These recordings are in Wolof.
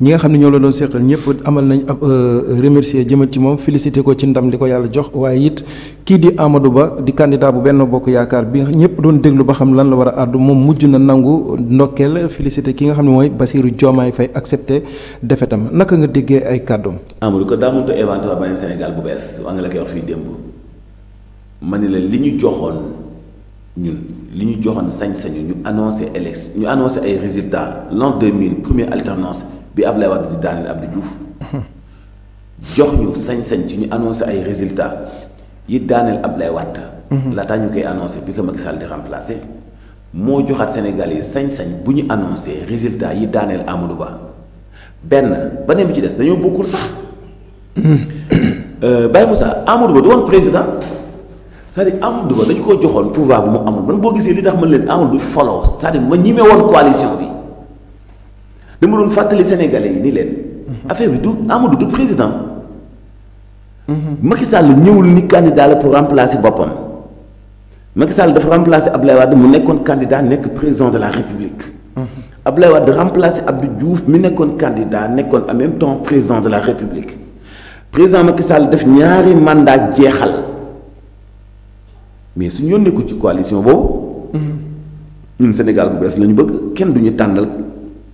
ñi nga xam ne ñoo la doon seqal ñëpp amal nañ ab euh, remercier jëmal ci moom félicité ko ci ndam li ko yàlla jox waaye it kii di Amadou Ba di candidat bu benn bokk yaakaar bi ñëpp doon déglu ba xam lan la war a àddu moom mujj na nangu ndokkeel félicité ki nga xam ne mooy Bassirou Diomaye Faye accepté defetam naka nga déggee ay kàddoom. Amadou ko daa mënut a inventé waa Sénégal bu bees wa nga la koy wax fii démb ma ne la li ñu joxoon. ñun li ñu joxoon sañ-sañu ñu annoncé élection ñu annoncé ay résultats l'an 2000 première alternance bi Ablaye Wade di Daniel Abdou Diouf jox ñu sañ-sañ ci ñu annoncé ay résultats yi Daniel Ablaye Wade. La tañu koy annoncer bi ko Macky Sall di remplacer mo joxat Sénégal yi sañ-sañ bu ñu annoncé résultats yi daaneel Amadou Ba Ben, beneen bi ci dess dañu bokul sax. Euh, Baye Moussa Amadou Ba du président c'est-à-dire Amadou Ba dañu ko joxone pouvoir bu mu amoon man boo gisee li tax man leen Amadou follow c'est-à-dire ma ñime won coalition bi dama doon fàttali Sénégalais yi ni leen. affaire bi du Amadou du président. Mhm. Macky Sall ñëwul ni candidat pour remplacer boppam. Macky Sall dafa remplacer Abdoulaye Wade mu nekkoon candidat nekk président de la République. Mhm. Abdoulaye Wade remplacer Abdou Diouf mi nekkoon candidat nekkoon en même temps président de la République. président Macky Sall def ñaari mandat djéxal. mais suñu yónnee ko ci coalition bobu, mhm. ñun Sénégal bu bees lañu bëgg kenn duñu ñu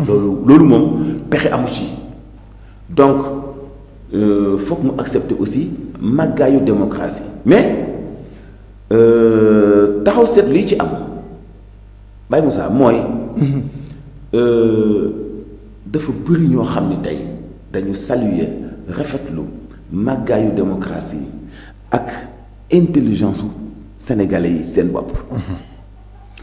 loolu loolu moom pexe amu ci donc euh, faut mu accepter aussi magayou démocratie mais euh, taxaw set li ci am Baye Moussa mhm. euh dafa bëri ño xamni tay dañu saluer rafetlu magayou démocratie ak intelligence su sénégalais yi seen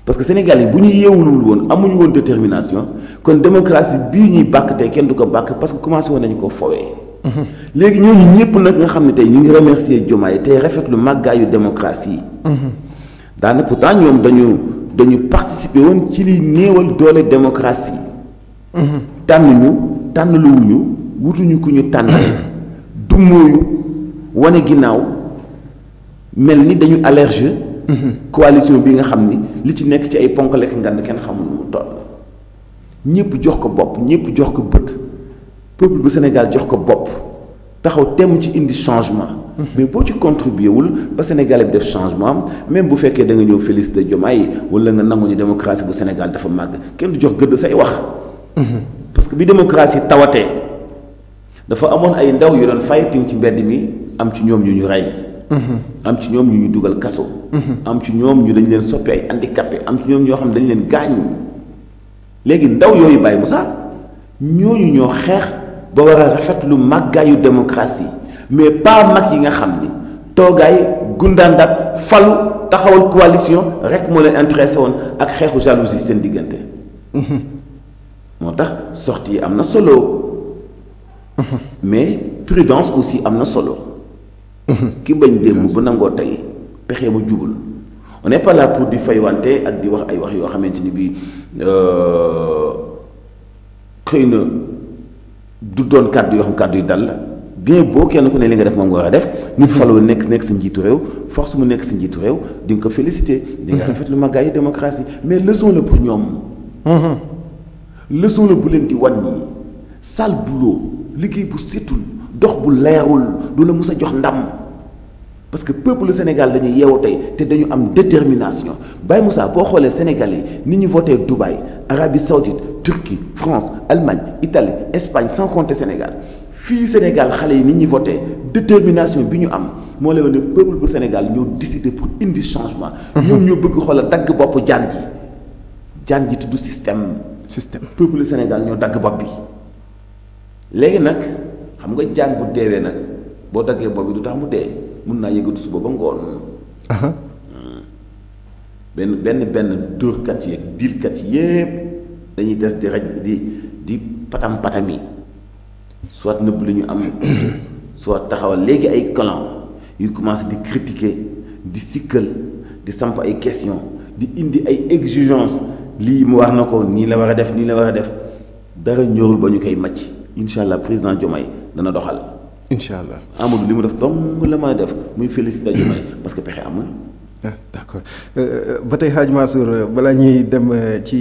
parce que Sénégalais buñu ñu won woon amuñu woon détermination kon démocratie bi ñuy bàkk tey kenn du ko bak parce que commencé woon nañu ko fowé mhm. légui ñoo ñëpp nag nga xamné tay ñu ngi remercier Diomaye tey rafetlu màggaayu démocratie yi. Mhm. pourtant ñom dañu dañu participer won ci li néewal doole démocratie. Mhm. tànn ñu tànn lu wuñu wutuñu ku ñu tànnal du moyu wane ginnaaw melni dañu allergie coalition bi nga xamni li ci nek ci ay ponk lekk ngand ken xamul mu toll ñepp jox ko bop ñepp jox ko beut peuple bu Sénégal jox ko bop taxaw temm ci indi changement mais bo ci contribuer wul ba Sénégal bi def changement même bu fekkee da nga ñeu félicité Diomaye wala nga nangu ñu démocratie bu Sénégal dafa mag kenn du jox gëdd say wax parce que bi démocratie tawaté dafa amone ay ndaw yu doon fighting ci mbedd mi am ci ñom ñu ñu ray Mm-hmm. am ci ñoom ñu ñu mm-hmm. am ci ñoom ñu dañ ay handicapé am ci ñoom ñoo xam dañ leen gaañ. léegi ndaw yooyu Baye Moussa ñooñu ñoo xeex ba war rafet màggaayu démocratie mais pas mag yi nga xam ni falu taxawal coalition rek moo leen intéressé ak jalousie seen mm-hmm. solo. mais prudence aussi am solo ki bañ démb bu nango tay pexé mu djubul on n'est pas là pour di faywanté ak di wax ay wax yo xamante bi euh xeyna du doon kaddu yo xam kaddu yu dal bien boo kenn ku ne li nga def mom nga war def. nit faloo nek nek sa njiitu rew force mu nek sa njiitu rew di nga ko féliciter. di nga mhm. rafetlu magaayu démocratie mais leçon le pour ñoom. Mhm. leçon le bu len di wani sal boulot liggéey bu setul dox bu leerul du la mus a jox ndam parce que peuple Sénégal dañu yeewu tey te dañu am détermination Baye Moussa boo xoolee Sénégal yi ni ñu voté Dubaï Arabie Saoudite Turquie France Allemagne Italie Espagne sans compter Sénégal fii Sénégal xale yi ni voter..! voté détermination bi ñu am moo lay ne peuple bu Sénégal ñoo décidé pour indi changement. Mhm. ñoom ñoo bëgg xoola dagg bopp jaan ji jaan ji tudd système. système peuple Sénégal ñoo dagg bopp bi léegi nag xam nga jaan bu deewee nag boo daggee bopp bi du tax mu dee mun naa yëngatu suba ba ngoon. Hmm. benn benn benn dóorkat yi ak diilkat yépp dañuy des di raj di di patam patam yi soit nëbb lu ñu am soit taxawal léegi ay clan yu commencé di critiquer di sikkal di samp ay question di indi ay exigence lii mu war na ko nii la war a def nii la war a def dara ñorul ba ñu koy màcc incha allah président Diomaye dana doxal. incha allah amul li mu def dong la ma def muy félicité Diomaye parce que pexe amul. ah d' accord ba tey Hadj Mansour balaa ñuy dem ci.